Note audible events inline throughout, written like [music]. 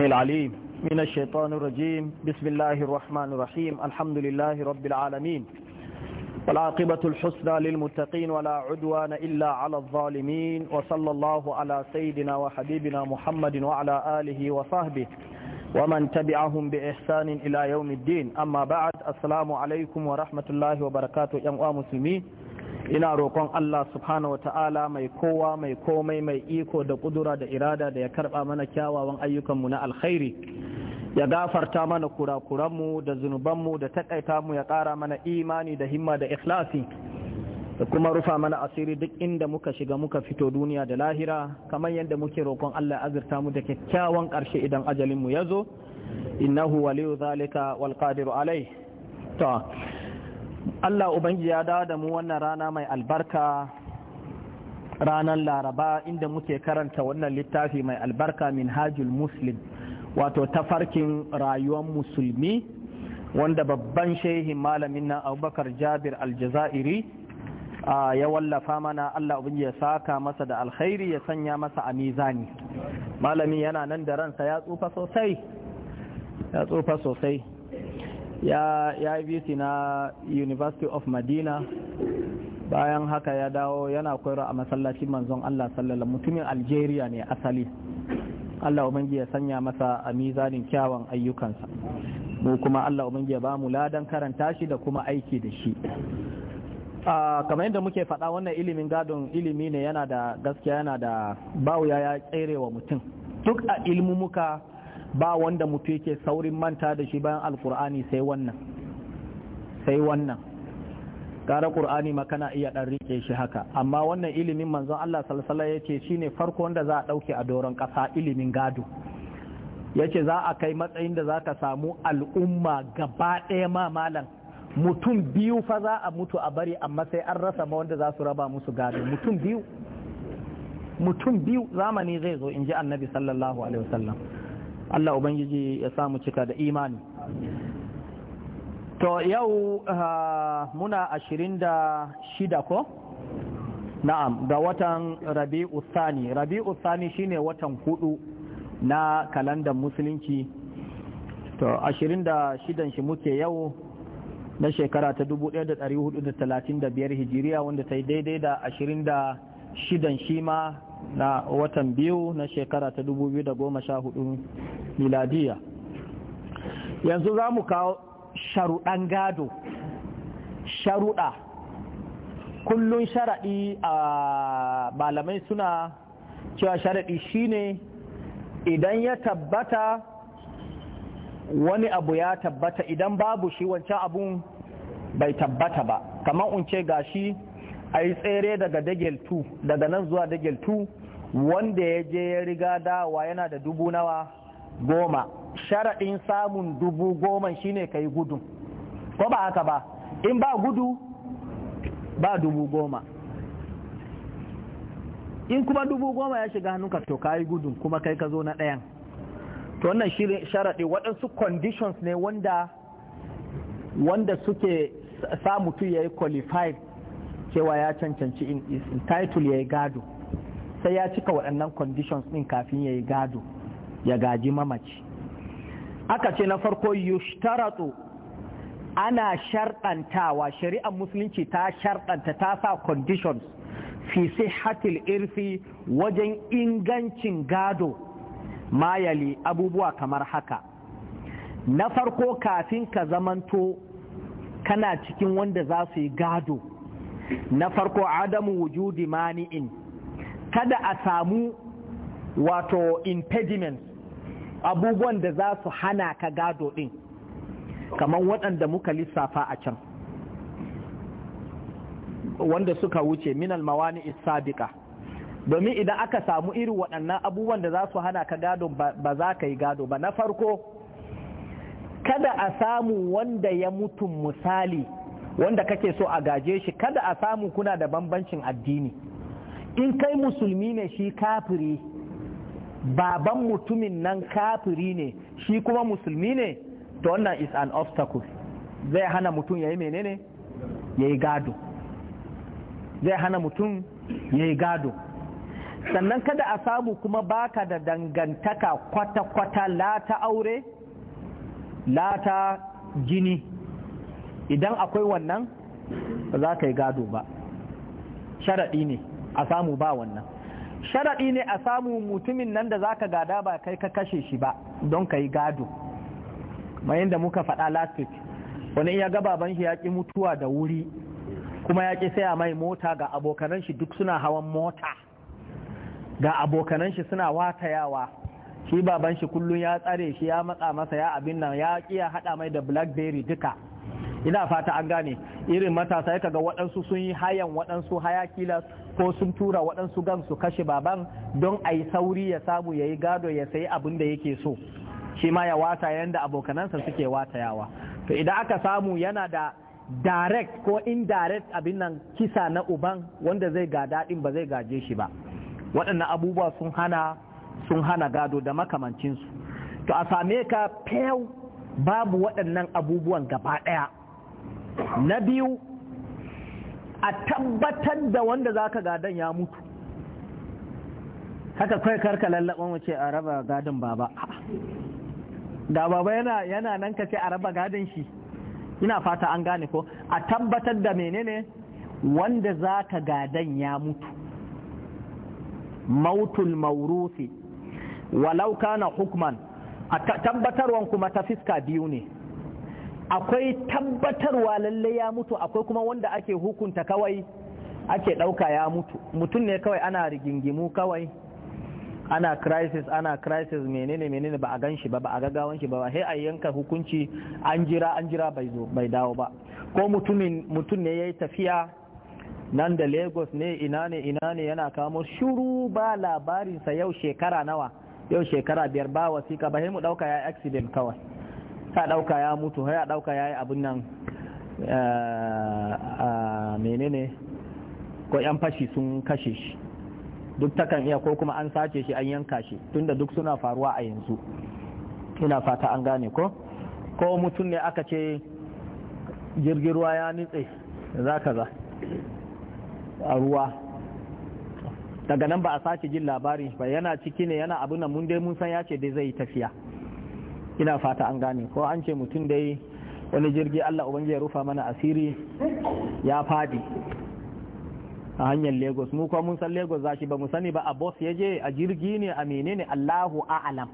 العليم من الشيطان الرجيم بسم الله الرحمن الرحيم الحمد لله رب العالمين والعاقبة الحسنى للمتقين ولا عدوان إلا على الظالمين وصلى الله على سيدنا وحبيبنا محمد وعلى آله وصحبه ومن تبعهم بإحسان إلى يوم الدين أما بعد السلام عليكم ورحمة الله وبركاته يا مسلمين ina roƙon Allah subhanahu wata'ala mai kowa mai komai mai iko da kudura da irada da ya karɓa mana kyawawan ayyukanmu na alkhairi ya gafarta mana kurakuranmu da zunubanmu da taƙaita mu ya ƙara mana imani da himma da ikhlasi da kuma rufa mana asiri duk inda muka shiga muka fito duniya da lahira kamar yadda muke roƙon Allah ya azurta mu da kyakkyawan ƙarshe idan ajalinmu ya zo innahu waliyu zalika wal qadiru alayh Allah Ubangi ya dawo da mu wannan rana mai albarka ranar Laraba inda muke karanta wannan littafi mai albarka min hajjul Muslim wato tafarkin rayuwar musulmi wanda babban shehin malamin nan Abubakar Jabir Aljazairi ya wallafa mana Allah Ubangi ya saka masa da alkhairi ya sanya masa a mizani malami yana nan da ransa ya tsufa sosai ya tsufa sosai ya yi na university of madina bayan haka ya dawo yana koyarwa a masallacin manzon allah sallallahu mutumin algeria ne asali allah ubangi ya sanya masa a mizanin kyawun ayyukansa mu kuma allah ubangi ya ba mu ladan karanta shi da kuma aiki da shi Uh, kamar yadda muke faɗa wannan ilimin gadon ilimi ne yana da gaskiya yana da bawuya ya tsere wa mutum duk a ilmumuka ba wanda mutu yake saurin manta da shi bayan alkur'ani sai wannan sai wannan gara ƙur'ani ma kana iya ɗan rike shi haka amma wannan ilimin manzon Allah alaihi yace, yace shine farko wanda za a ɗauke a doron ƙasa ilimin gado Yace za a kai matsayin da za ka samu al'umma gaba ɗaya ma malam mutum biyu fa za a mutu a bari amma sai an rasa ma wanda za su raba musu gado mutum biyu mutum biyu zamani zai zo inji annabi sallallahu alaihi wasallam Allah Ubangiji ya samu cika da imani to yau ah, muna ashirin da shida ko na'am ga watan rabi'u sani rabi'u sani shine watan hudu na kalandar musulunci to ashirin da shidan shi muke yau na shekara ta 1435 hijiriya wanda ta yi daidai da ashirin da shidan shi ma na watan biyu na shekara ta 2014 miladiya yanzu za mu kawo sharuɗan gado sharuɗa Kullum sharaɗi a malamai suna cewa sharaɗi shine idan ya tabbata wani abu ya tabbata idan babu shi wancan abun bai tabbata ba kamar unce gashi a yi tsere daga dagel 2 daga nan zuwa dagel 2 wanda ya je ya riga dawa yana da dubu nawa goma sharaɗin samun dubu goma shine ka yi gudun ko ba haka ba in ba gudu ba dubu goma in kuma dubu goma ya shiga hannunka to ka yi gudun kuma kai ka zo na ɗayan to wannan sharaɗi waɗansu conditions ne wanda wanda suke sa mutum ya yi qualified cewa ya cancanci in title ya yi gado sai ya cika waɗannan conditions ɗin kafin ya yi gado ya gaji mamaci aka ce na farko yushtaratu ana sharɗantawa shari'ar musulunci ta sharɗanta ta sa conditions fi hatil irfi wajen ingancin gado mayali abubuwa kamar haka na farko kafin ka zamanto kana cikin wanda za su yi gado na farko adamu wujudi mani'in kada a samu wato impediment abubuwan da za su hana ka gado din, kamar waɗanda muka lissafa a can wanda suka wuce minal mawani sabiqa domin idan aka samu irin waɗannan abubuwan da za su hana ka gado ba za ka yi gado ba na farko kada a samu wanda ya mutu misali wanda kake so a gaje shi kada a samu kuna da bambancin addini in kai musulmi ne shi kafiri baban mutumin nan kafiri ne shi kuma musulmi ne to wannan is an obstacle zai hana mutum ya yi menene ya yi gado zai hana mutum ya yi gado sannan kada a samu kuma baka da dangantaka kwata-kwata la ta aure la ta jini idan akwai wannan za ka yi gado ba sharaɗi ne a samu ba wannan sharaɗi ne a samu mutumin nan da za ka gada ba kai ka kashe shi ba don ka yi gado mayan da muka faɗa last wani iya gababan shi ya ƙi mutuwa da wuri kuma ya ƙi saya mai mota ga abokanan shi duk suna hawan mota ga abokanan shi suna watayawa shi baban shi kullum ya tsare shi ya matsa masa ya abin nan ya ƙi ya haɗa mai da blackberry duka ina fata an gane irin matasa ya kaga waɗansu sun yi hayan waɗansu hayakila ko sun tura waɗansu gan su kashe baban don a yi sauri ya samu ya yi gado ya sayi abin da yake so shi ma ya wata yanda abokanansa suke watayawa to idan aka samu yana da direct ko indirect abin nan kisa na uban wanda zai ga daɗin ba zai gaje shi ba waɗannan abubuwa sun hana sun hana gado da makamancinsu to a same ka fayau babu waɗannan abubuwan gaba ɗaya na biyu a tabbatar da wanda za ka gadon ya mutu haka kai karka lallaban wace a raba gadon baba da baba yana yana nan ka ce a raba gadin shi ina fata an gane ko a tabbatar da menene wanda za ka gadon ya mutu mautul maurusi walau kana hukman a tabbatarwan kuma ta fiska biyu ne akwai tabbatarwa lalle ya mutu akwai kuma wanda ake hukunta kawai ake ɗauka ya mutu mutum ne kawai ana rigingimu kawai ana crisis ana crisis menene menene ba a gan shi ba ba a gaggawan shi ba sai a yanka hukunci an jira an jira bai zo bai dawo ba ko mutumin mutum ne yayi tafiya nan da Lagos ne ina ne ina ne yana kamo shuru ba labarinsa yau shekara nawa yau shekara biyar ba wasika ba sai mu ɗauka ya accident kawai ka dauka ya mutu ya dauka ya yi abin nan eh, eh, menene ko 'yan fashi sun kashe shi duk ta kan iya ko kuma an sace shi an yanka shi tunda duk suna faruwa a yanzu ina fata an gane ko ko mutum ne aka ce jirgin ruwa ya nitse za ka za a ruwa daga nan ba a sace jin labari ba yana ciki ne yana abin nan mun dai mun san ya ce dai zai yi tafiya ina fata an gane ko an ce mutum dai wani jirgi Allah ubangiji ya rufa mana asiri ya fadi a hanyar Lagos mu kuma mun san Lagos zashi ba mu sani ba a bus ya je a jirgi ne a menene Allahu a'lam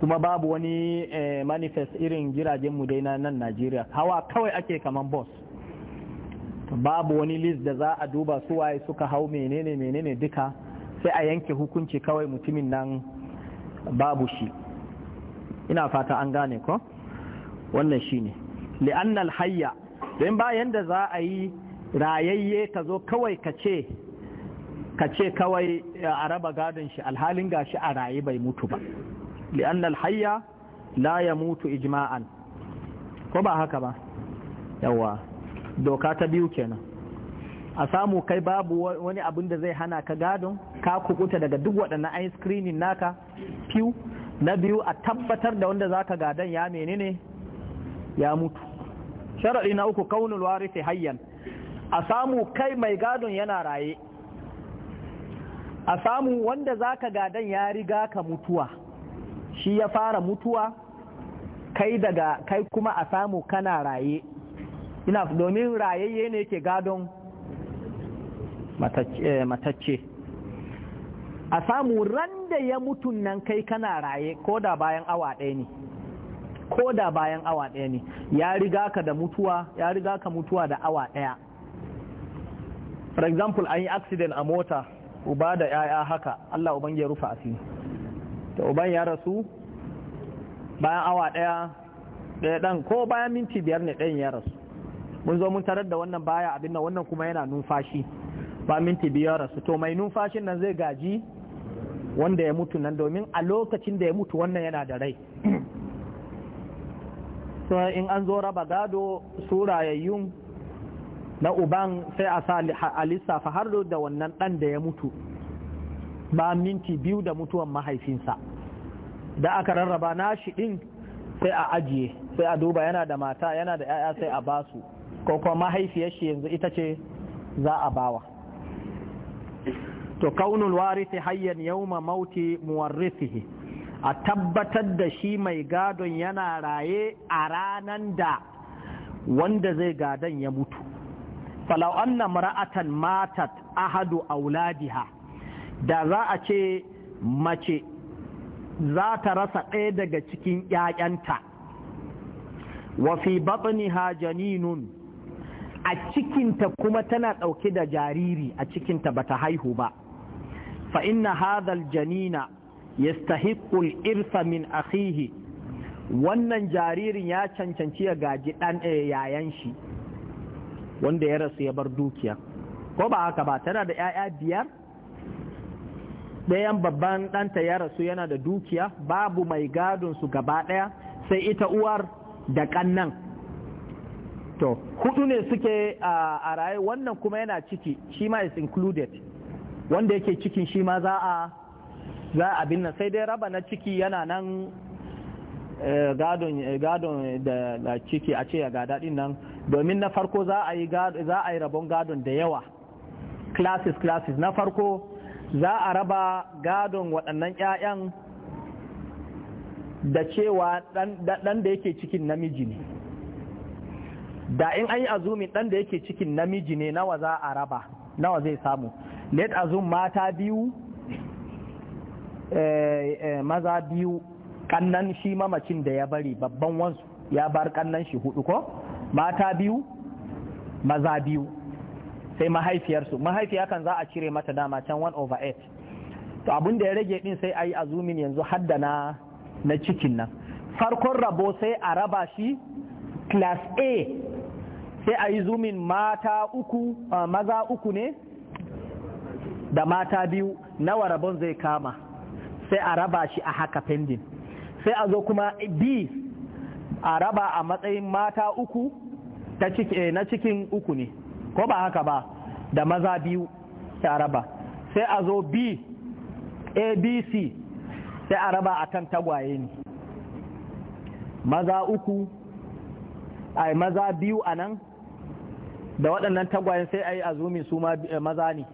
kuma babu wani eh, manifest irin jiragen mu dai na nan Najeriya hawa kawai ake kaman bus babu wani list da za a duba su waye suka hau menene menene duka sai a yanke hukunci kawai mutumin nan babu shi ina fata an gane ko wannan shine li'annal hayya don ba yanda za a yi rayayye ka zo kawai ka ce ka ce kawai a raba gadon shi alhalin gashi a raye bai mutu ba li'annal hayya la ya mutu ijma'an ko ba haka ba yawa doka ta biyu kenan a samu kai babu wani abin da zai hana ka gadon ka kukuta daga duk waɗannan ice screening naka piu na biyu a tabbatar da wanda zaka gadan ya menene ya mutu sharadi na uku kaunul warisi hayyan a samu kai mai gadon yana raye a samu wanda zaka gadan ya riga ka mutuwa shi ya fara mutuwa kai daga kai kuma a samu kana raye ina domin rayayye ne ke gadon matacce eh, a samu ran da ya mutun nan kai kana raye ko da bayan awa ɗaya ne ko da bayan awa ɗaya ne ya riga ka da mutuwa ya riga ka mutuwa da awa ɗaya for example an yi accident a mota uba da yaya haka Allah uban ya rufa asiri to uban ya rasu bayan awa ɗaya ɗaya ɗan ko bayan minti biyar ne ɗayan ya rasu mun zo mun tarar da wannan baya abin nan wannan kuma yana numfashi ba minti biyar rasu to mai numfashin nan zai gaji wanda ya mutu nan domin a lokacin da ya mutu wannan yana da rai [clears throat] so in an zo raba gado su na uban sai a sa a lissafa har da wannan ɗan da ya mutu ba minti biyu da mutuwan mahaifinsa da aka rarraba nashi ɗin sai a ajiye sai a duba yana da mata yana da 'ya'ya sai a basu ko kuma mahaifiyar shi yanzu ita ce za a bawa to kaunul warisi hayyan yauma mauti muwarrisihi a tabbatar da shi mai gadon yana raye a ranan da wanda zai gadon ya mutu falau anna mara'atan matat ahadu auladiha da za a ce mace za ta rasa ɗaya daga cikin ‘ya'yanta wa fi ha janinun a cikinta kuma tana ɗauke da jariri a cikinta bata haihu ba fa inna hadal janina yastahiqqu al-irfa min akhihi wannan jaririn ya cancanci ya gaji dan eh, yayan shi wanda ya rasu ya bar dukiya ko ba haka ba tana da 'ya'ya biyar ɗayan babban ɗanta ya rasu yana da dukiya babu mai gadon su gaba ɗaya sai ita uwar da ƙannan to hudu ne suke a raye wannan kuma yana ciki shi ma is included wanda yake cikin shi ma za a za a abin sai dai raba na ciki yana nan eh, gadon eh, da ciki a ce ya gada din nan domin na farko za a yi rabon gadon da yawa classes classes na farko za a raba gadon waɗannan 'ya'yan da cewa ɗan da yake cikin namiji ne da in an yi azumin ɗan da yake cikin namiji ne nawa za a raba nawa zai samu net azum mata biyu eh, eh, maza biyu kannan shi mamacin da ya bari babban wansu ya bar kannan shi hudu ko mata biyu maza biyu sai mahaifiyarsu mahaifiya kan za a cire mata dama can 1 over 8 to abin da ya rage din sai a yi azumin yanzu hadda na na cikin nan farkon rabo sai a raba shi class a sai a yi zumin mata uku eh, maza uku ne da mata biyu nawa rabon zai kama sai a raba shi a haka pending sai a zo kuma b a raba a matsayin mata uku eh, na cikin uku ne ko ba haka ba da maza biyu sai a raba sai a zo b abc sai a raba a kan tagwaye ne maza uku a maza biyu a nan da waɗannan tagwayen sai a yi azumi su eh, maza ne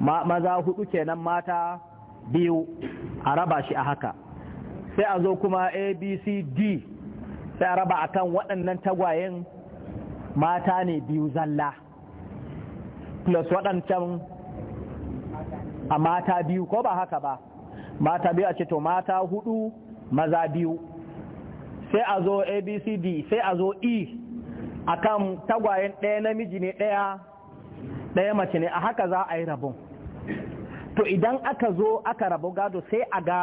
maza hudu kenan mata biyu a raba shi a haka sai a zo kuma abcd sai a raba akan waɗannan tagwayen mata ne biyu zalla plus waɗancan a mata biyu ko ba haka ba mata biyu a ce to mata hudu maza biyu sai a zo abcd sai a zo e akan tagwayen ɗaya namiji ne ɗaya ɗaya mace ne a haka za a yi rabon to idan aka zo aka rabu gado sai a ga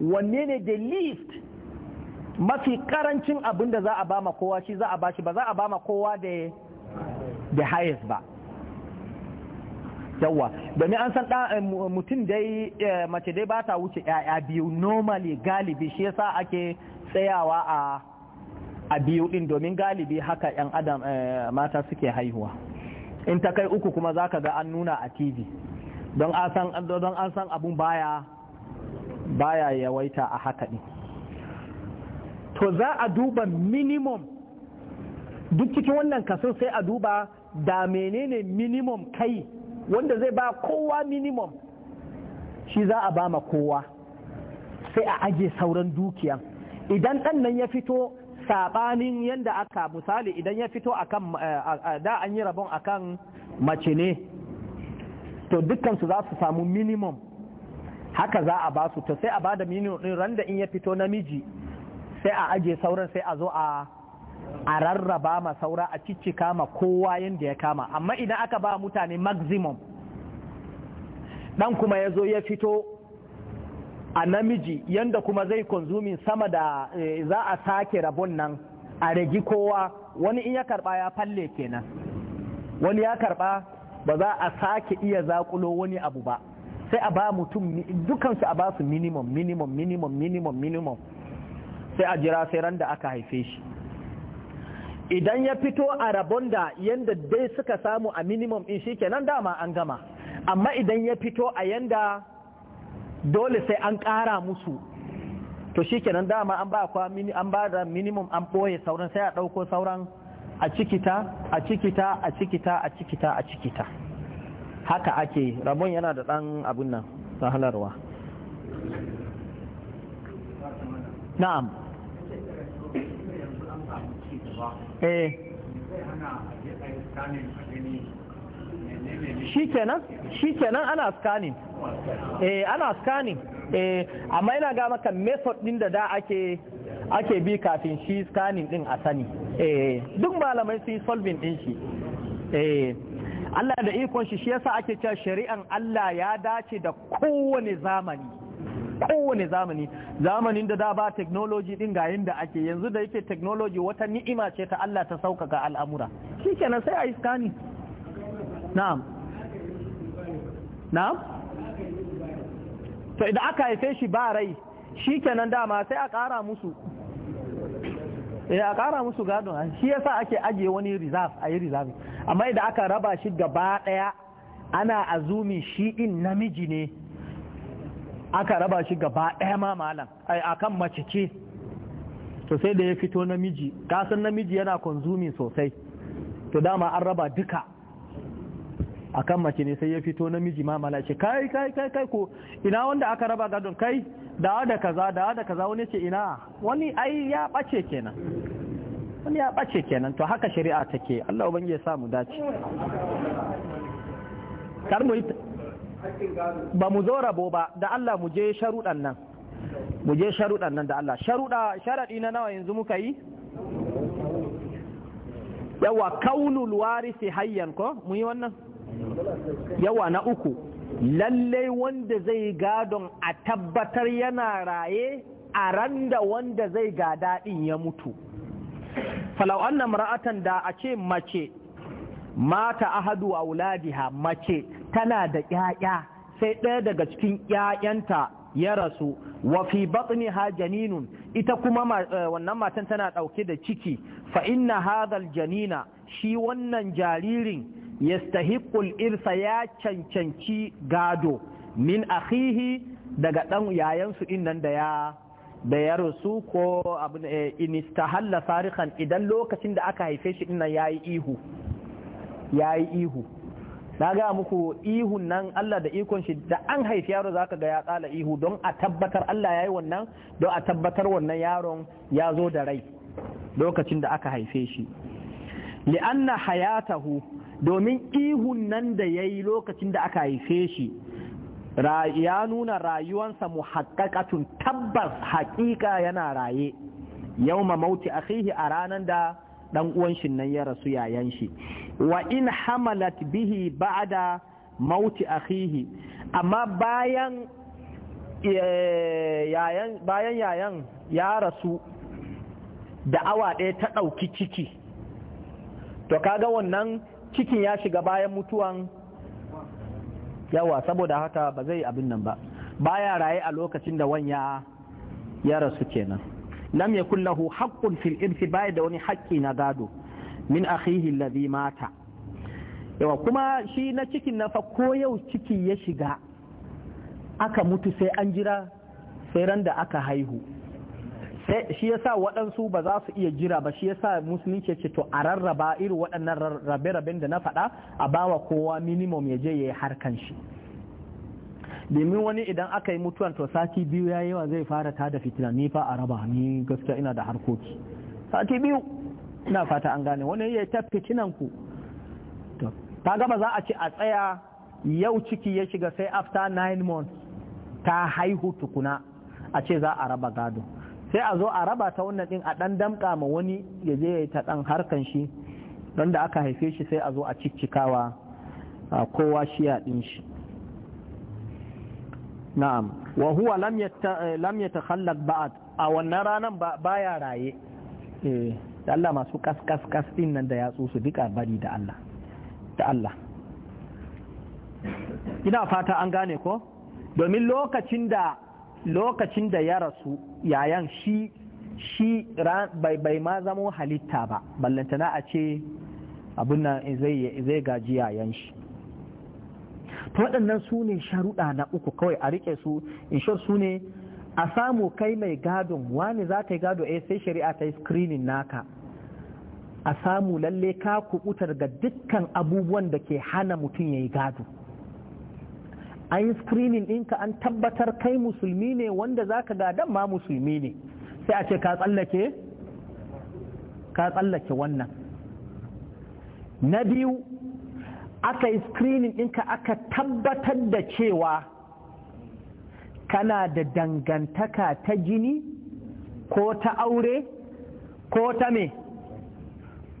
wanne ne the least mafi karancin abin da za a ba ma kowa shi za a ba shi ba za a ba ma kowa da the highest ba yawa domin an san eh, mutum dai eh, mace dai ba ta wuce yaya biyu normally galibi shi yasa ake tsayawa a a biyu din domin galibi haka yan adam eh, mata suke haihuwa in ta kai uku kuma zaka ga an nuna a tv don an san abun baya baya yawaita a haka ne to za a duba minimum duk cikin wannan kaso sai a duba da menene minimum kai wanda zai ba kowa minimum shi za a ba ma kowa sai a aje sauran dukiyan idan ɗan nan ya fito saɓanin yadda aka misali idan ya fito akan eh, da an yi rabon akan mace ne to dukkansu za su samu minimum haka za a ba su to sai a ba da minimum ɗin randa in ya fito namiji sai a aje sauran sai a zo a a rarraba ma saura a ciccika ma kowa yadda ya kama amma idan aka ba mutane maximum dan kuma ya zo ya fito a namiji yadda kuma zai konzumin sama da eh, za a sake rabon nan a regi kowa wani in ya karba ya falle kenan wani ya karba ba za a sake iya zakulo wani abu ba sai a ba mutum dukansu a ba su minimum minimum minimum minimum minimum sai a jira sai ran da aka haife shi idan ya fito a rabon da yanda dai suka samu a minimum in shi kenan dama an gama amma idan ya fito a yanda dole sai an ƙara musu to shi kenan dama an ba da minimum an ɓoye sauran sai a ɗauko sauran a cikita a cikita a cikita a cikita a cikita haka ake rabon yana da ɗan abin nan sahalarwa na'am eh shikenan shikenan ana scanning eh ana scanning eh amma ina ga maka method din da da ake ake bi kafin shi scanning din a sani Eh, duk malamai sun yi solving din shi eh, Allah da ikon shi shi yasa ake cewa shari'an Allah ya dace da kowane zamani kowane zamani zamanin da da ba technology din ga yadda ake yanzu da yake technology wata ni'ima ce ta Allah ta saukaka al'amura shikenan sai a yi scanning na'am na'am to idan aka haife shi ba rai shikenan dama sai a ƙara musu eh a kara musu gadon shi yasa ake ajiye wani reserve a yi reserve amma idan aka raba shi gaba daya ana azumi shi din namiji ne aka raba shi gaba daya ma malam ai akan mace ce to sai da ya fito namiji kasan namiji yana konzumi sosai to dama an raba duka akan mace ne sai ya fito namiji ma mala ce kai kai kai kai ko ina wanda aka raba gadon kai da da kaza da da kaza wani ce ina wani ai ya ɓace kenan wani ya ɓace kenan to haka shari'a take Allah ubangiye ya samu dace kar mu ba mu zo rabo ba da Allah mu je sharudan nan mu je sharudan nan da Allah sharuda sharadi na nawa yanzu muka yi yawa kaunul warisi hayyan ko mu yi wannan yawa na uku lallai wanda zai gadon a tabbatar yana raye a ran da wanda zai ga daɗin ya mutu falau na mar'atan da a ce mace mata ahadu a wuladiha mace tana da ƴaƴa sai ɗaya daga cikin ƴaƴanta ya rasu wa fi ha janinun ita kuma eh, wannan matan tana ɗauke da ciki fa inna hadhal janina shi wannan jaririn yastahiqul irsa ya cancanci gado min akhihi daga dan yayansu innan nan da ya da ya rasu ko abin eh, in istahalla farikan idan lokacin da aka haife shi din yayi ihu yayi ihu na ga muku ihun nan Allah da ikon shi da an haifi yaro zaka ga ya tsala ihu don a tabbatar Allah yayi wannan don a tabbatar wannan yaron ya zo da rai lokacin da aka haife shi li'anna hayatahu domin ihun nan da ya yi lokacin da aka haife shi ya nuna rayuwansa mu haƙaƙatun tabbas haƙiƙa yana raye yau mauti akhihi a ranar da ɗan uwan shi nan ya rasu yayan shi wa in hamalat bihi ba'da mauti akhihi amma bayan eh, yayan bayan yayan ya rasu da awa ɗaya ta ɗauki ciki to kaga wannan cikin ya shiga bayan mutuwan yawa saboda haka ba zai abin nan ba baya raye a lokacin da wanya ya rasu kenan lam yakul lahu haqqun fil irthi baya da wani haƙƙi na gado min akhihi alladhi mata yawa kuma shi na cikin na fa ko yau ciki ya shiga aka mutu sai an jira sai ran da aka haihu shi yasa waɗansu ba za su iya jira ba shi yasa musulunci ce to a rarraba irin waɗannan rabe-raben da na faɗa a bawa kowa minimum ya je ya yi harkan shi domin wani idan aka yi mutuwan to sati biyu ya yawa zai fara ta da fitina ni fa a raba ni gaskiya ina da harkoki sati biyu ina fata an gane wani ya ta fitinan ku to ta gaba za a ce a tsaya yau ciki ya shiga sai after nine months ta haihu tukuna a ce za a raba gado sai a zo a raba ta wannan din a dan damka ma wani ya je ta dan harkan shi don da aka haife shi sai a zo a ciccikawa a kowa shiya din shi na'am wa huwa lam eh, yatakhallaq ba'd a wannan ranan baya raye eh da Allah masu kaskas kas din nan da ya su duka bari da Allah da Allah ina fata an gane ko domin lokacin da lokacin da ya rasu yayan shi shi bai ma zamo halitta ba ballantana a ce abin nan zai gaji yayan shi to waɗannan su ne sharuɗa na uku kawai a rike su inshor su ne a samu kai mai gadon wani za ka yi gado eh sai shari'a ta yi screening naka a samu lalle ka kubutar ga dukkan abubuwan da ke hana mutum ya yi gado an yi screening ɗinka an tabbatar kai musulmi ne wanda za ka gadan ma musulmi ne sai a ce ka tsallake ka tsallake wannan na biyu aka yi screening ɗinka aka tabbatar da cewa kana da dangantaka ta jini ko ta aure ko ta me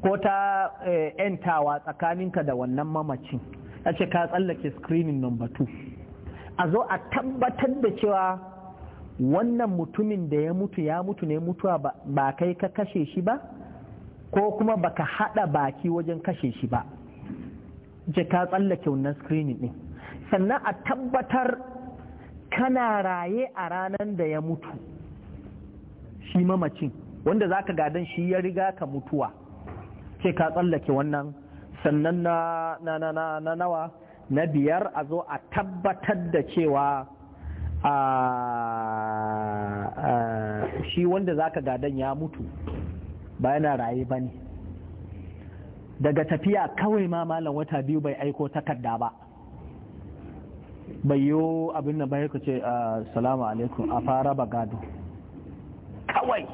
ko ta eh, ‘yantawa tsakaninka da wannan mamacin a ce ka tsallake screening number two a zo a tabbatar da cewa wannan mutumin da ya mutu ya mutu ne mutuwa ba kai ka kashe shi ba ko kuma baka haɗa baki wajen kashe shi ba je ka tsallake wannan screening din sannan a tabbatar kana raye a ranar da ya mutu shi mamacin wanda zaka gadan shi ya riga ka mutuwa ce ka tsallake wannan sannan na na na na nawa na biyar a zo a tabbatar da cewa a shi wanda zaka gadon ya mutu ba yana raye ba ne daga tafiya kawai ma malam wata biyu bai aiko takarda ba bai yi abin da bai ce ah, salamu alaikum a fara ba gado kawai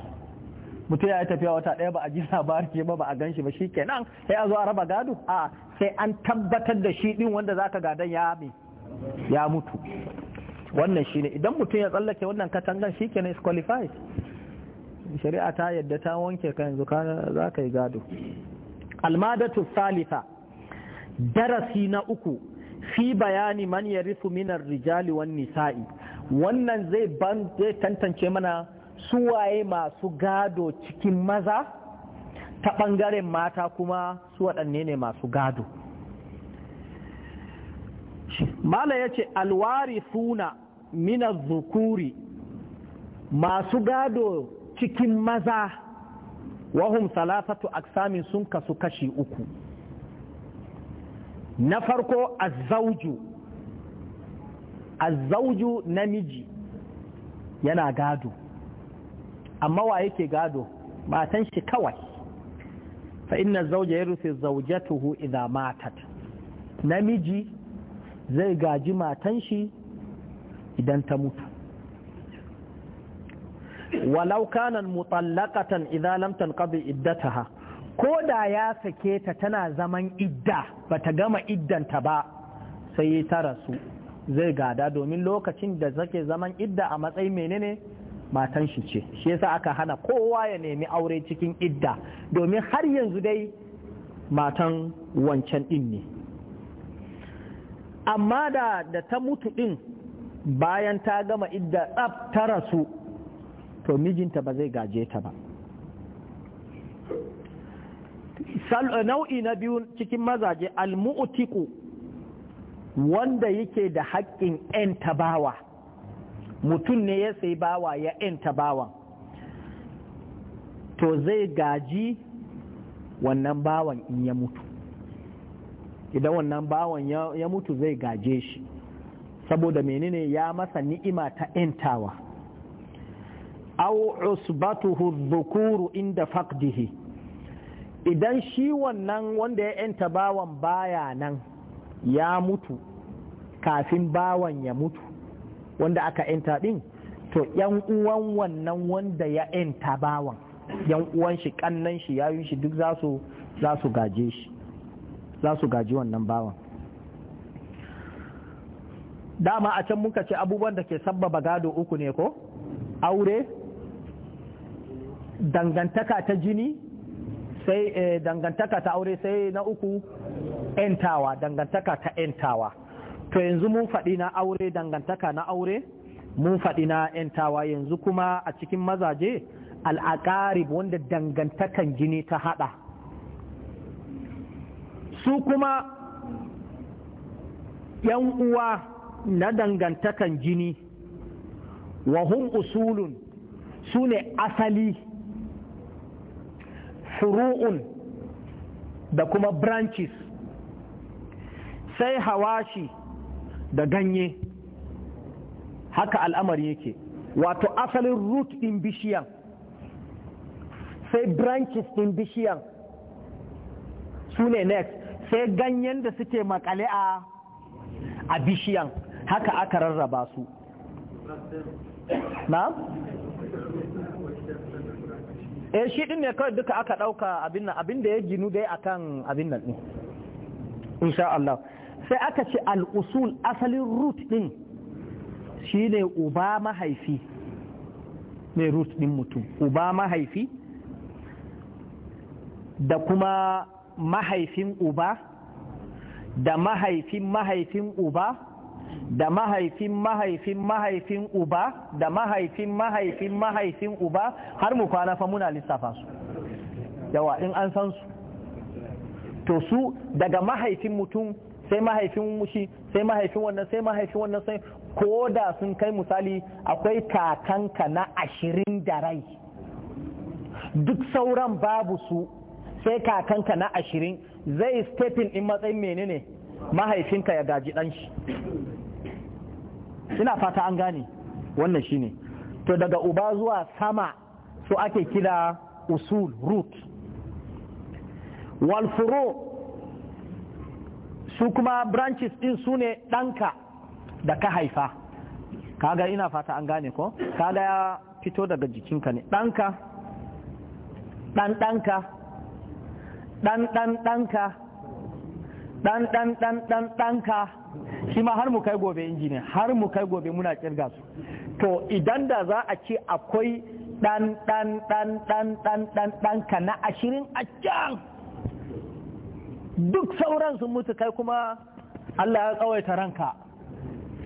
mutum ya tafiya wata ɗaya ba a ji [laughs] labari ba ba a gan shi ba shi kenan sai a zo a raba gado a sai an tabbatar da shi ɗin wanda zaka gadan ya ya mutu wannan shi ne idan mutum ya tsallake wannan katangan shi kenan is qualified shari'a ta yadda ta wanke ka yanzu za ka yi gado almadatu salifa darasi na uku fi bayani man yarithu minar rijali wan nisa'i wannan zai ban zai tantance mana suwaye masu gado cikin maza ta ɓangaren mata kuma su waɗanne ne masu gado mala ya ce alwari suna mina zukuri masu gado cikin maza wahum salasatu aksamin sun kasu kashi uku na farko azzauju azzauju namiji yana gado amma wa yake gado matan shi kawai fa inna zawja yaruthu zawjatuhu idha matat namiji zai gaji matan shi idan ta mutu walau kanan mutallaqatan idza lam tanqadi iddataha ko da ya sake ta tana zaman idda bata gama iddanta ba sai ta rasu zai gada domin lokacin da zake zaman idda a matsayin menene matan shi ce shi yasa aka hana kowa ya nemi aure cikin idda domin har yanzu dai matan wancan din ne amma da da ta mutu din bayan ta gama idda tsab ta rasu to mijinta ba zai gaje ta ba nau'i na biyu cikin mazaje almu'tiku wanda yake da haƙƙin 'yan tabawa mutum ne ya sai bawa ya inta bawan to zai gaji wannan bawan in ya mutu idan wannan bawan ya mutu zai gaje shi saboda menene ya masa ni'ima ta intawa au usbatuhu dhukuru inda faqdihi idan shi wannan wanda ya ‘yanta bawan baya nan ya mutu kafin bawan ya mutu wanda aka yanta ɗin to yan uwan wannan wanda ya yanta bawan yan uwan shi kannan shi yayin shi duk za su gaje shi za su gaji wannan bawan dama a can muka ce abubuwan da ke sabbaba gado uku ne ko aure dangantaka ta jini sai eh, dangantaka ta aure sai na uku entawa dangantaka ta entawa to yanzu mun faɗi na aure dangantaka na aure mun faɗi na 'yantawa, yanzu kuma a cikin mazaje al'aƙarib wanda dangantakan jini ta haɗa su kuma 'yan uwa na dangantakan jini wahun usulun su ne asali furu'un da kuma branches sai hawashi da ganye haka al'amari yake wato asalin root in bishiyan sai branches in bishiyan su ne next sai ganyen da suke makale a bishiyan haka aka rarraba su na? eh shi ɗin ne kawai duka aka ɗauka abin da ya ginu dai akan abin nan ne, insha Allah sai aka ce al'usul asalin root ɗin shi ne uba mahaifi mai root din mutum uba mahaifi da kuma mahaifin uba da mahaifin mahaifin uba da mahaifin mahaifin mahaifin uba da mahaifin mahaifin mahaifin uba har mu kwana fa muna lissafa su yawa in an san su to su daga mahaifin mutum sai mahaifin mushi sai mahaifin wannan sai mahaifin wannan sai ko da sun kai misali akwai kakanka na ashirin da rai duk sauran babu su sai kakanka na ashirin zai stepin in matsayin menene mahaifinka ya gaji dan shi ina fata an gane wannan shi ne to daga uba zuwa sama su ake kira usul root wal su kuma branches din su ne ɗanka da ka haifa kaga ina fata an gane ko kaga ya fito daga jikinka ne ɗanka ɗan ɗanka ɗan ɗan ɗanka ɗan ɗan ɗan ɗan ɗanka shi ma har mu kai gobe injini, har mu kai gobe muna kirga su to idan da za a ce akwai ɗan ɗan ɗan ɗan ɗan ɗan ɗanka na ashirin a can duk sauran sun mutu kai kuma Allah ya tsawaita ranka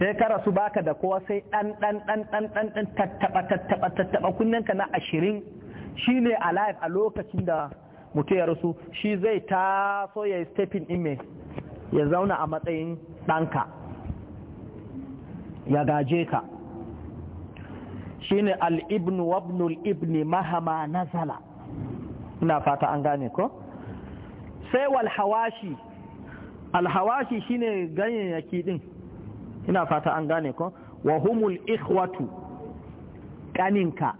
sai ka rasu baka da kowa sai ɗan ɗan ɗan ɗan ɗan ɗan tattaɓa tattaɓa tattaɓa kunnenka na ashirin shi ne life a lokacin da mutu ya rasu shi zai taso ya yi stepping in mai ya zauna a matsayin ɗanka ya gaje ka shi ne ibnu wabnul ibni mahama nazala ina fata an gane ko? sai walhawashi alhawashi shine ganyayyaki din ina fata an gane ko wa humul ikhwatu kaninka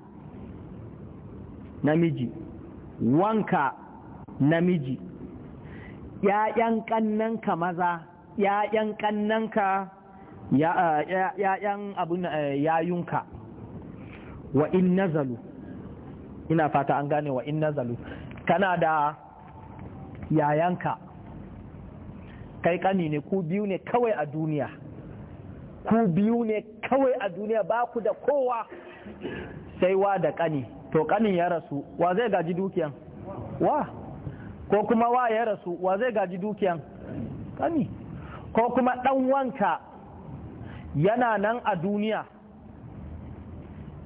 namiji wanka namiji ‘ya'yan ƙannanka maza ‘ya'yan ƙannanka ‘ya'yan abun eh, yayunka wa in nazalu ina fata an gane wa in nazalu kana da yayanka kai kani ne ku biyu ne kawai a duniya ku biyu ne kawai a duniya ba ku da kowa sai wa da kani to kanin ya rasu wa zai gaji dukiyan wa ko kuma wa ya rasu wa zai gaji dukiyan kani ko kuma dan wanka yana nan a duniya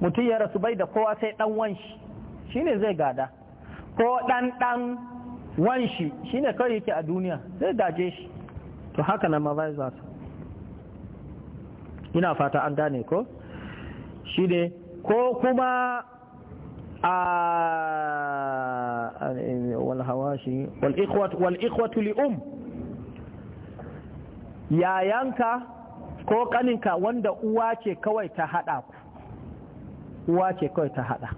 mutum ya rasu bai da kowa sai dan wanshi shine zai gada ko dan dan Wanshi shi ne kawai yake a duniya zai daje shi to haka na maza za su ina fata an gane ko shi ne ko kuma a walhawashi wal'ikwatu li'um yayanka ko kaninka wanda uwa ce kawai ta hada ku uwa ce kawai ta hada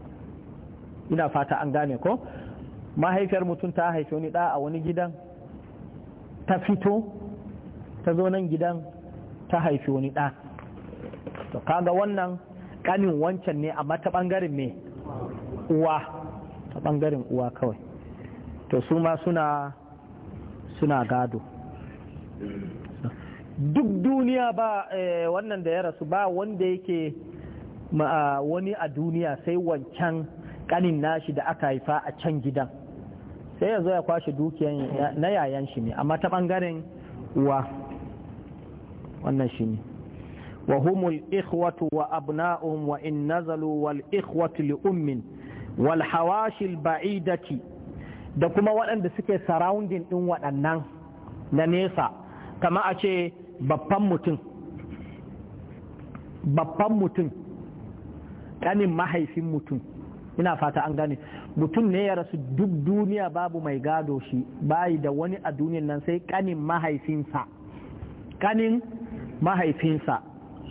ina fata an gane ko mahaifiyar mutum ta haifi wani ɗa a wani gidan ta fito ta zo nan gidan ta haifi wani ɗa to kaga wannan kanin wancan ne amma ta ɓangaren me uwa ta ɓangaren uwa kawai to su ma suna suna gado duk duniya ba eh, wannan da ya rasu ba wanda yake wani a duniya sai wancan kanin nashi da aka haifa a can gidan sai ya zo ya kwashe dukiyan na yayan shi ne amma ta bangaren uwa wannan shi ne wa humul ikhwatu wa abna'um wa in nazalu wal ikhwatu li ummin wal hawashil ba'idati da kuma waɗanda suke surrounding ɗin waɗannan na nesa kama a ce babban mutum babban mutum ƙanin mahaifin mutum ina fata an gane mutum ne ya rasu duk duniya babu mai gado shi bayi da wani a duniyan nan sai kanin mahaifinsa kanin mahaifinsa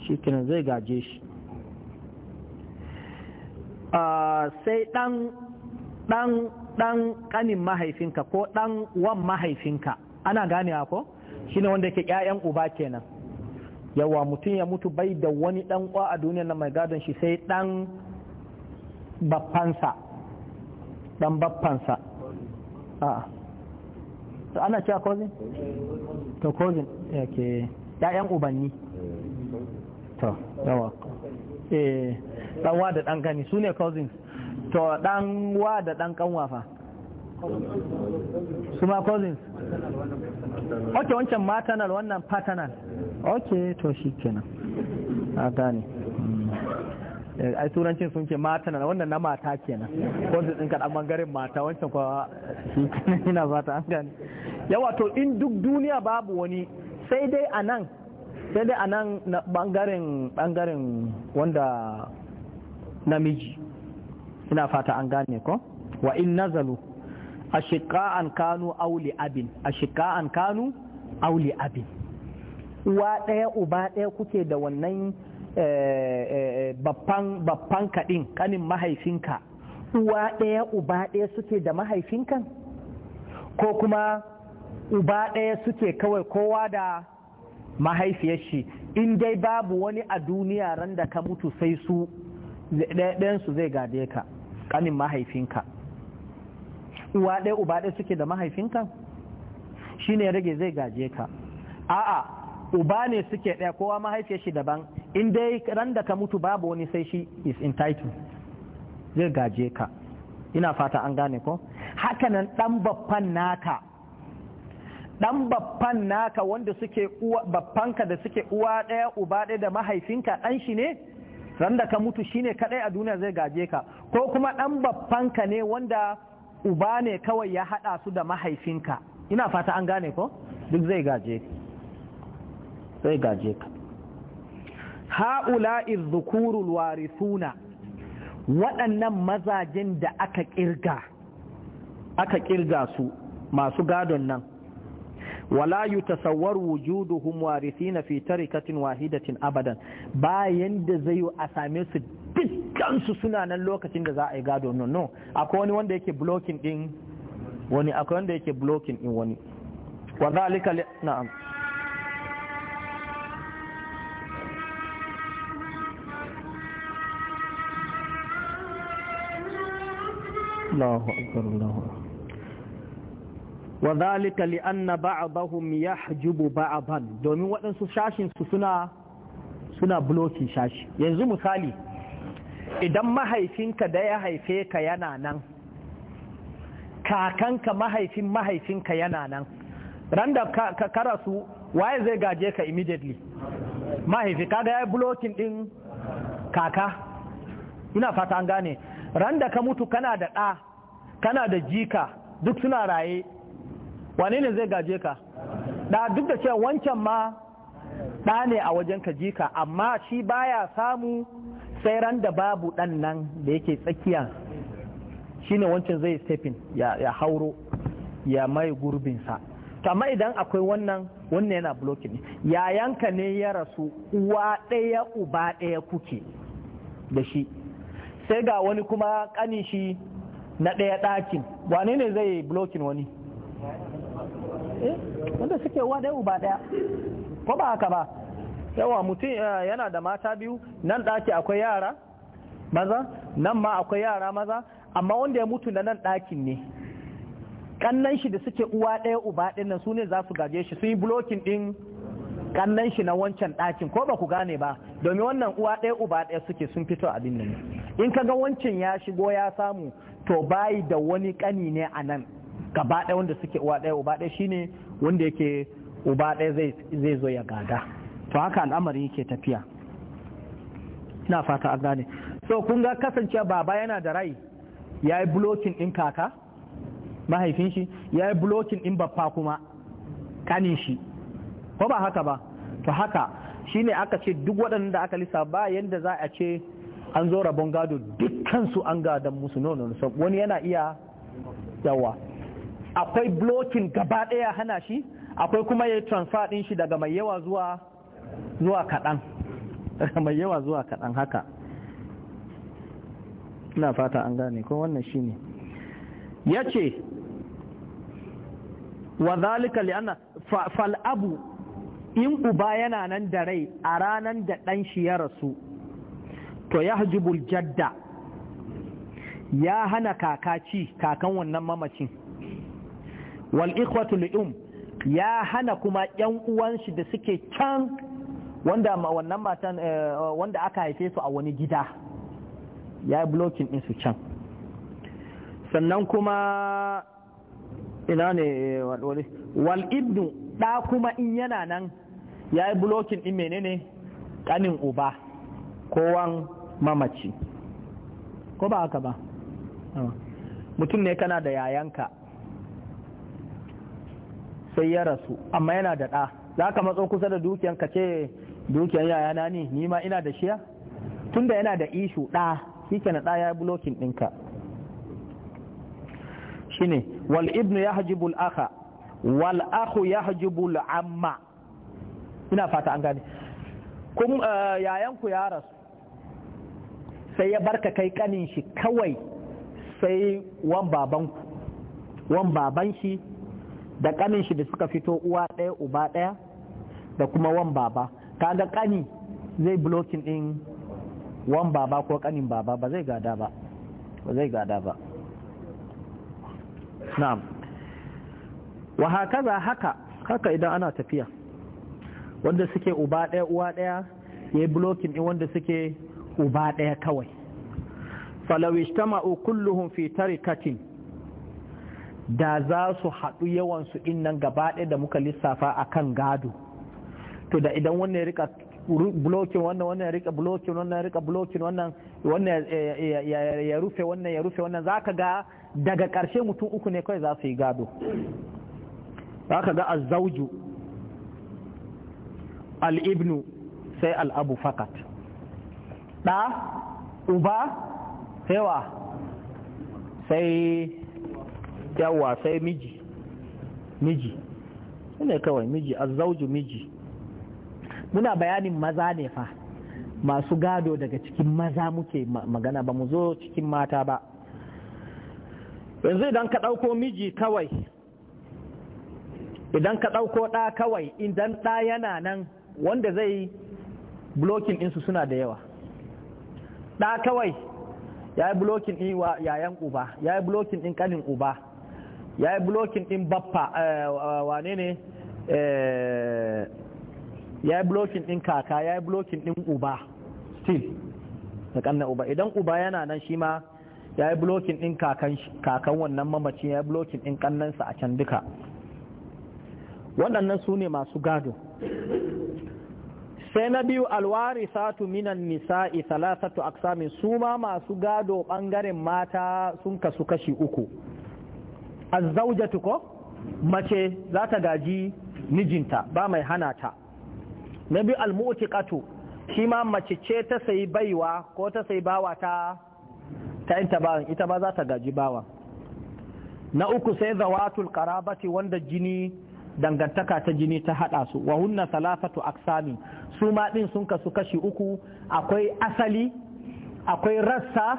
shi kenan zai gaje shi ah, sai dan dan dan kanin mahaifinka ko dan wan mahaifinka ana ganewa ko shine wanda yake ƴaƴan uba kenan yawa mutum ya mutu bai da wani dan kwa a duniyan nan mai gadon shi sai dan babbansa dan baffansa a to ana cewa cousin to cousin yake ƴaƴan ubanni to yawa eh dan wada da dan gani sune cousins to dan wada da dan kanwa fa su ma cousins ok wancan maternal wannan paternal ok to shi kenan a gani. Eh, ai turancin sun ce mata na wannan na mata kenan ko su ɗinka ɗan ɓangaren mata wancan kwa shi ina fata an gani yawa to in duk duniya babu wani sai dai a nan sai dai a nan na ɓangaren ɓangaren wanda namiji ina fata an gane ko wa in nazalu ashiqa'an kanu auli abin ashiqa'an kanu auli abin uwa ɗaya uba ɗaya kuke da wannan Eh, eh, babban kaɗin kanin mahaifinka uwa ɗaya uba ɗaya suke da mahaifinka ko kuma uba ɗaya suke kawai kowa da mahaifiyar shi in dai babu wani a duniya ran da ka mutu sai su ɗaya ɗayansu zai gade ka kanin mahaifinka uwa ɗaya uba ɗaya suke da mahaifinka shi ne rage zai gaje ka a'a uba ne suke ɗaya kowa mahaifiyar shi daban in dai ran da ka mutu babu wani sai shi is entitled zai gaje ka ina fata an gane ko hakanan dan babban naka dan babban naka wanda suke uwa ka da suke uwa daya uba daya da mahaifinka dan shi ne ran da ka mutu shine kadai a duniya zai gaje ka ko kuma dan ka ne wanda uba ne kawai ya hada su da mahaifinka ina fata an gane ko duk zai gaje zai gaje ka ha'ula'i zukurul warisuna waɗannan mazajen da aka kirga aka kirga su masu gadon nan wala yutasawwaru wujuduhum warithina fi tarikatin wahidatin abadan bayan da zai a same su dukkansu suna nan lokacin da za a yi gado no no akwai wani wanda yake blocking din wani akwai wanda yake blocking din wani wa zalika na'am الله أكبر الله أكبر وذلك لأن بعضهم يحجب بعضا domin waɗansu shashinsu suna suna blokin shashi yanzu misali idan mahaifinka da ya haife ka yana nan kakanka mahaifin mahaifinka yana nan ran da ka karasu waye zai gaje ka immediately mahaifi kaga ya blokin din kaka ina fata an gane ran da ka mutu kana da ɗa kana da jika duk suna raye wane ne zai gaje ka da duk da cewa wancan ma ɗa ne a wajen ka jika amma shi baya samu sai ran da babu ɗan nan da yake tsakiya shine wancan zai stepin ya, hauro ya mai gurbinsa amma idan akwai wannan wannan yana blocking yayanka ne ya rasu uwa ɗaya uba ɗaya kuke da shi sai ga wani kuma ƙani shi na ɗaya ɗakin wane ne zai blokin wani Eh wanda suke wa ɗaya uba ɗaya ko ba haka ba yawa mutum eh, yana da mata biyu nan ɗaki akwai yara maza nan ma akwai yara maza amma wanda ya mutu da nan ɗakin ne kannan shi da suke uwa ɗaya uba ɗin su ne za su gaje shi sun yi blokin ɗin kannan shi na wancan ɗakin ko ba ku gane ba domin wannan uwa ɗaya uba ɗaya suke sun fito abin nan in ka ga wancan ya shigo ya samu to bayi da wani kani ne a nan gaba ɗaya wanda suke uwa ɗaya uba ɗaya shine wanda yake uba ɗaya zai zo ya gada to haka al'amari yake tafiya ina fata an gane so kun ga kasancewa baba yana da rai ya yi blokin ɗin kaka mahaifin shi ya yi blokin ɗin baffa kuma kanin shi ko ba haka ba to haka shine aka ce duk waɗanda aka lissa ba yadda za a ce an zo rabon gado kansu an gadan musu no wani yana iya yawa akwai blocking gaba daya hana shi akwai kuma ya transfer din shi daga mai yawa zuwa zuwa kaɗan daga mai yawa zuwa kaɗan haka na fata an gane ko wannan ne ya ce wa zalika li'anna fal'abu in uba yana nan da rai a ranar da ɗan shi ya rasu to ya jadda ya hana kaka ci kakan wannan mamacin wal ikhwatu li'um ya hana kuma yan uwan shi da suke can wanda wannan matan eh, wanda aka haife su a wani gida ya yi blocking din su can sannan kuma ina ne eh, wal ibnu da kuma in yana nan ya yi blocking din menene kanin uba kowan mamaci ko ba haka ba mutum ne kana da yayanka sai ya rasu amma yana da ɗa za ka matso kusa da dukiyan ka ce dukiyan yayana ne ni ma ina da shiya tunda yana da ishu ɗa shi ke na ɗa ya bulokin ɗinka ne wal ibnu ya hajibul aka wal aku ya hajibul amma ina fata an gane kuma eh, yayanku ya rasu sai ya barka kai kanin shi kawai sai wan baban wan baban shi da kanin shi da suka fito uwa ɗaya uba ɗaya da kuma wan baba kaga kani zai blocking din wan baba ko kanin baba ba zai gada ba ba zai gada ba na'am wa hakaza haka haka idan ana tafiya wanda suke uba ɗaya uwa ɗaya ya yi blocking din wanda suke uba ɗaya kawai falau istama'u kulluhum fi tarikatin da za su haɗu yawansu innan nan gaba ɗaya da muka lissafa a kan gado to da idan wannan ya rika blokin wannan wannan ya rika blokin wannan ya rika blokin wannan wannan ya rufe wannan ya rufe wannan zaka ga daga ƙarshe mutum uku ne kawai za su yi gado zaka ga azzauju al-ibnu sai al-abu fakat ɗa uba sewa sai yawa sai miji miji ne kawai miji miji muna bayanin maza ne fa masu gado daga cikin maza muke magana ba mu zo cikin mata ba yanzu idan ka dauko miji kawai idan ka dauko ɗa kawai idan ɗa yana nan wanda zai bulokin ɗinsu suna da yawa ɗa kawai ya yi blokin ɗin wa yayan uba ya yi blokin ɗin ƙanin uba ya yi blokin ɗin bappa eh, wane ne eh, ya yi blokin ɗin kaka ya yi blokin ɗin uba still da kanna uba idan uba yana nan shi ma ya yi blokin ɗin kakan wannan mamacin ya yi blokin ɗin ƙannansa a can duka waɗannan su ne masu gado sai na biyu alwari satu minan nisa'i salasatu aksamin su ma masu gado ɓangaren mata sun kasu kashi uku azzaujatu ko mace za ta gaji mijinta ba mai hana ta na biyu almu'tiqatu shi ma mace ce ta sayi baiwa ko ta sayi bawa ta ta inta ita ba za ta gaji bawa na uku sai zawatul karabati wanda jini dangantaka ta jini ta hada su wa hunna salafatu aksamin su ma din sun kasu kashi uku akwai asali akwai rassa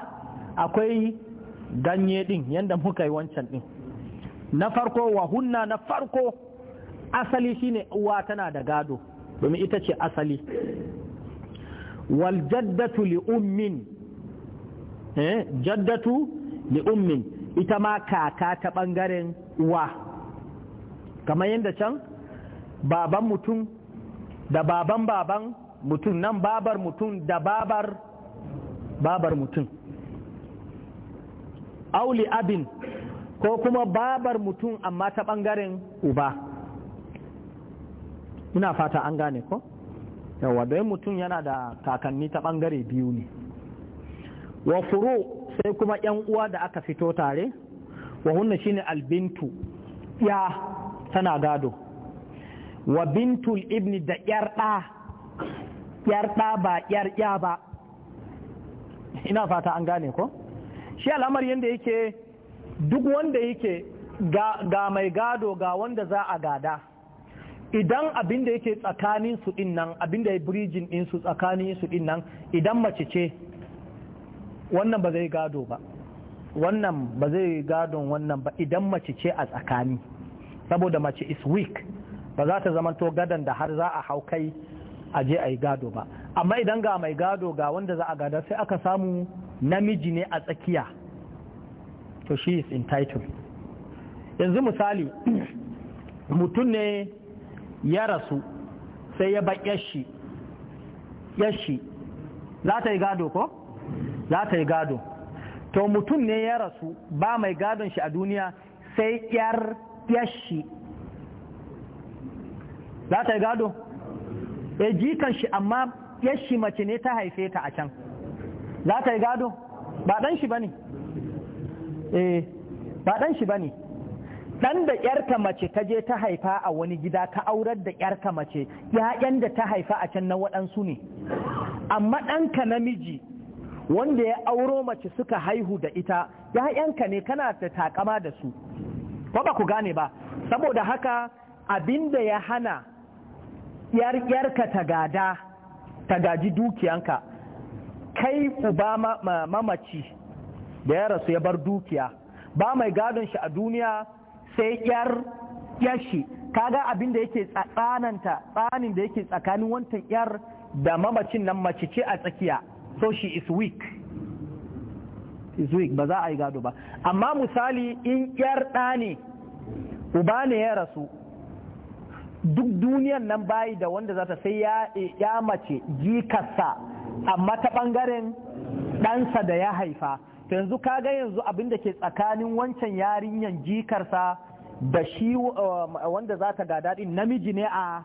akwai ganye din yanda muka yi wancan din na farko wa hunna na farko asali shine uwa tana da gado domin ita ce asali wal jaddatu li ummin eh jaddatu li ummin ita ma kaka ta bangaren uwa kamar yadda can baban mutum da baban baban mutum nan babar mutum da babar babar mutum auli abin ko kuma babar mutum amma ta bangaren uba ina fata an gane ko yawa don mutum yana da kakanni ta ɓangare biyu ne wa furu sai kuma yan uwa da aka fito tare wa hunna shine albintu ya tana gado wa bintul ibni da yar ɗa ɗa ba yar ba ina fata an gane ko shi al'amar yadda yake duk wanda yake ga mai gado ga wanda za a gada idan abin da yake tsakanin su din nan abin da ya birijin din su tsakanin su din nan idan mace ce wannan ba zai gado ba wannan ba zai gadon wannan ba idan mace ce a tsakani saboda mace is weak ba za ta zamanto gadon da har za a hau kai a je a yi gado ba amma idan ga mai gado ga wanda za a gada sai aka samu namiji ne a tsakiya to she is entitled yanzu misali [clears throat] mutum ne ya rasu sai ya shi yashi za ta yi gado ko? za ta yi gado to mutum ne ya rasu ba mai gadon shi a duniya sai yar yashi za ta yi gado e jikan shi amma yashi mace ne ta haife ta a can za ta yi gado ba ɗan shi ne eh ba ɗan shi ne ɗan da yarka mace ta je ta haifa a wani gida ka aurar da yarka mace ya'yan da ta haifa a can na waɗansu ne amma ɗanka namiji wanda ya auro mace suka haihu da ita ya'yanka ne kana da takama da su Ba ba ku gane ba saboda haka abinda ya hana yarka ta gada ta gaji dukiyanka kai uba mamaci da ya rasu ya bar dukiya ba mai gadon shi a duniya sai yar yashi kaga abin da yake tsananta tsanin da yake tsakanin wancan yar da mamacin nan mace ce a tsakiya so she is weak zuwik ba za a yi gado ba amma misali in yar ɗa ne uba ne ya rasu duk duniyan nan bayi da wanda za ta sai ya mace jikarsa amma ta ɓangaren ɗansa da ya haifa yanzu kaga yanzu abin da ke tsakanin wancan yarinyan jikarsa da shi um, wanda za ta gada din namiji ne a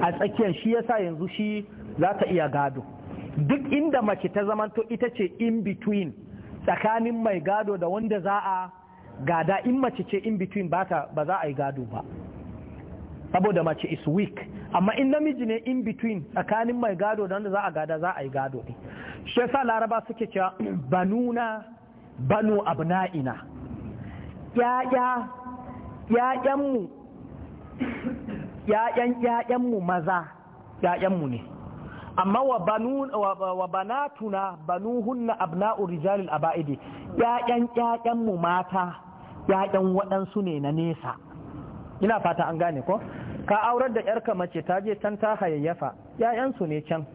a tsakiyar shi yasa yanzu shi za ta iya gado duk inda mace ta zamanto ita ce in between tsakanin mai gado da wanda za a gada in mace ce in between ba ta ba za a yi gado ba saboda mace is weak amma in namiji ne in between tsakanin mai gado da wanda za a gada za a yi gado ne shi yasa laraba suke cewa [clears throat] banuna banu abna'ina ya'ya ya'yanmu ya'yan ya'yanmu maza ya'yanmu ne amma wa banun wa banatuna banuhunna abna'u rijalil aba'idi 'ya'yan 'ya'yan mu mata 'ya'yan waɗansu ne na nesa ina fata an gane ko ka aurar da 'yarka mace ta je can ta hayayyafa 'ya'yansu su ne can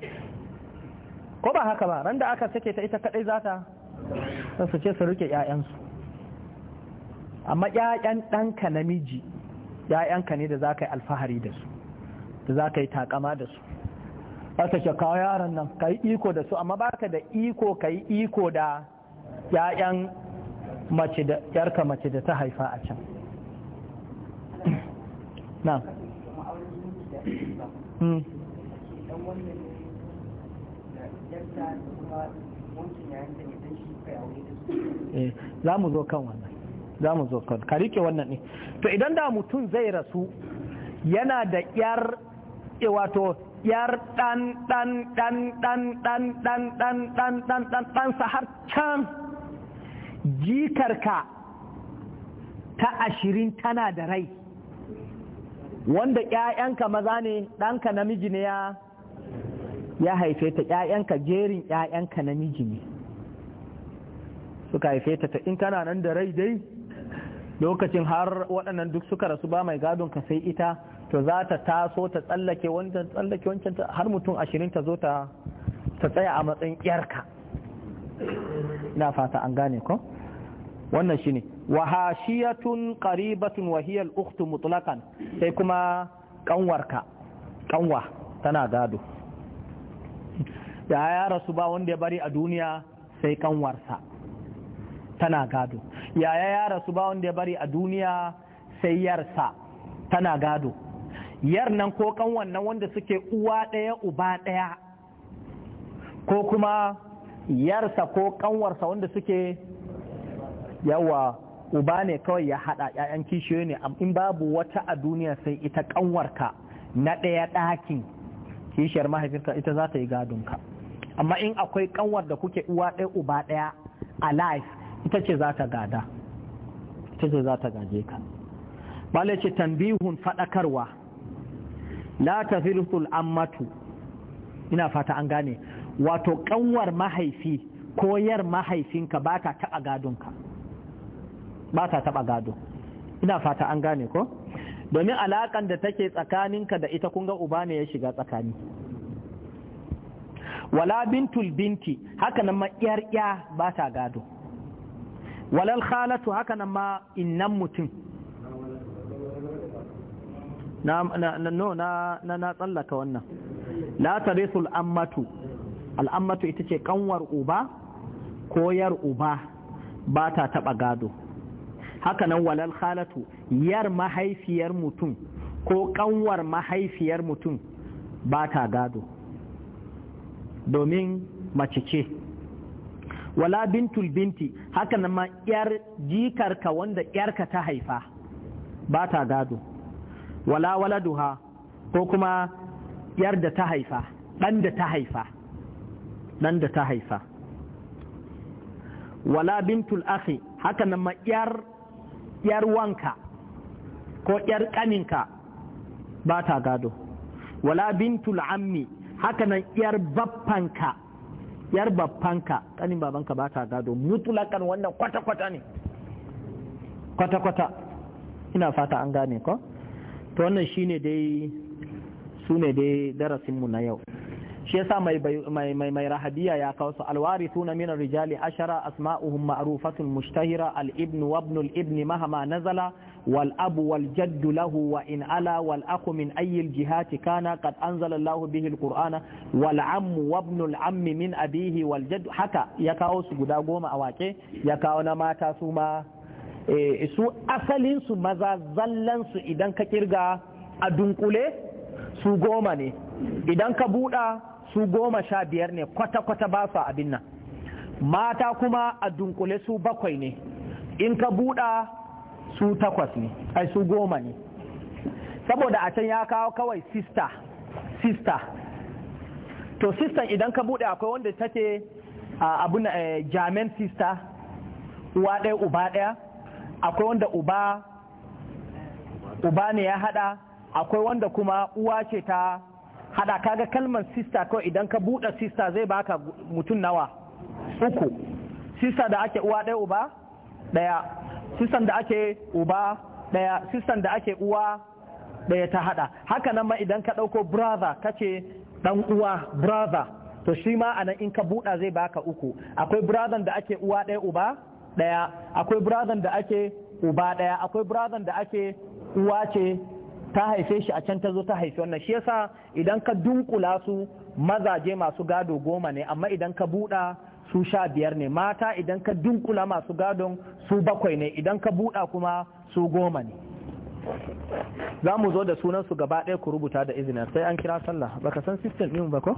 ko ba haka ba randa aka sake ta ita kadai zata su ce su rike 'ya'yansu su amma dan ka namiji 'ya'yanka ne da za yi alfahari da su da za yi takama da su aka ce kawo yaran nan ka yi iko da su amma baka da iko ka yi iko da ‘ya'yan mace da ‘yarka mace da ta haifa a can [clears throat] na hmm. eh, za mu zo kan wannan za mu zo kan ka rike wannan ne to idan da mutum zai rasu yana da ‘yar eh, wato yar dan dan dan dan dan dan dan dan dan dan dan sa har can jikarka ta ashirin tana da rai wanda ƴaƴanka maza ne ɗanka namiji ne ya ya haife ta ƴaƴanka jerin ƴaƴanka namiji ne suka haife ta ta in tana nan da rai dai lokacin har waɗannan duk suka rasu ba mai gadon ka sai ita to za ta taso ta tsallake wancan tsallake wancan har mutum ashirin ta zo ta tsaya a matsayin yarka na fata an gane ko wannan shine wa hashiyatun qaribatun wa hiya al-ukhtu mutlaqan sai kuma kanwarka kanwa tana gado da ya rasu ba wanda ya bari a duniya sai kanwarsa tana gado yaya ya rasu ba wanda ya bari a duniya sai yarsa tana gado yar nan ko kanwar nan wanda suke uwa ɗaya uba ɗaya ko kuma yarsa ko kanwarsa wanda suke yawa uba ne kawai ya haɗa ‘ya'yan kishiyo ne in babu wata a duniya sai ita kanwarka na ɗaya ɗakin kishiyar mahaifinka ita za ta yi gadonka amma in akwai kanwar da kuke uwa ɗaya uba ɗaya a life ita ce za ta gada ita ce za ta gaje ka ce tambihun faɗakarwa la tafirsul ammatu ina fata an gane wato kanwar mahaifi koyar mahaifinka ba ta taɓa gadonka ba ta taɓa gado ina fata an gane ko domin alaƙan da take tsakaninka da ita kunga uba ne ya shiga tsakani wala bintul binti haka nan ma 'yar ya ba ta gado walal khalatu haka nan ma innan mutum na no na na tsallaka wannan la tarisu al'ammatu al'ammatu ita ce kanwar uba ko yar uba ba ta taba gado haka nan walal khalatu yar mahaifiyar mutum ko kanwar mahaifiyar mutum ba ta gado domin mace ce wala bintul binti haka nan ma yar jikarka wanda yarka ta haifa ba ta gado wala waladuha ko kuma yar da ta haifa ɗan da ta haifa ɗan da ta haifa wala bintul akhi haka nan ma yar yar wanka ko yar kaninka ba ta gado wala bintul ammi haka nan yar baffanka yar baffanka kanin babanka ba ta gado mutulakan wannan kwata-kwata ne kwata-kwata ina fata an gane ko to wannan ne dai su ne dai darasinmu na yau shi yasa mai mai rahabiya ya kawo su suna minar rijali ashara asma'uhum ma'rufatun mushtahira al-ibn wa ibn al-ibn mahama nazala wal abu wal jaddu lahu wa in ala wal akhu min ayyil al jihati kana qad anzala Allah bihi al-qur'ana wal ammu wa ibn ammi min abihi wal jaddu haka ya kawo su guda goma a wake ya kawo na mata su ma Eh, su asalinsu maza zallansu idan ka kirga a dunkule su goma ne idan ka buɗa su goma sha biyar ne kwata-kwata ba su abin nan mata kuma a dunkule su bakwai ne in ka buɗa su takwas ne ai su goma ne saboda a can ya kawo kawai sista sista to sista idan ka buɗe akwai wanda take abin jamen eh, sista uwa ɗaya uba ɗaya akwai wanda uba uba ne ya hada akwai wanda kuma uwa ce ta hada kaga kalmar sista kawai idan ka bude sista zai baka mutum nawa uku sista da ake uwa ɗaya uba ɗaya sistan da ake uba ɗaya sistan da ake uwa ɗaya ta hada haka nan ma idan ka ɗauko brother kace dan uwa brother to shi ma anan in ka buɗa zai baka uku akwai brother da ake uwa ɗaya uba ɗaya akwai birazan da ake uba ɗaya akwai birazan da ake uwa ce ta haife shi a can ta zo ta haife wannan shi yasa idan ka dunkula su mazaje masu gado goma ne amma idan ka buɗa su sha biyar ne mata idan ka dunkula masu gadon su bakwai ne idan ka buɗa kuma su goma ne za mu zo da sunansu gaba ɗaya ku rubuta da izinin sai an kira sallah baka san sistem ɗin ba ko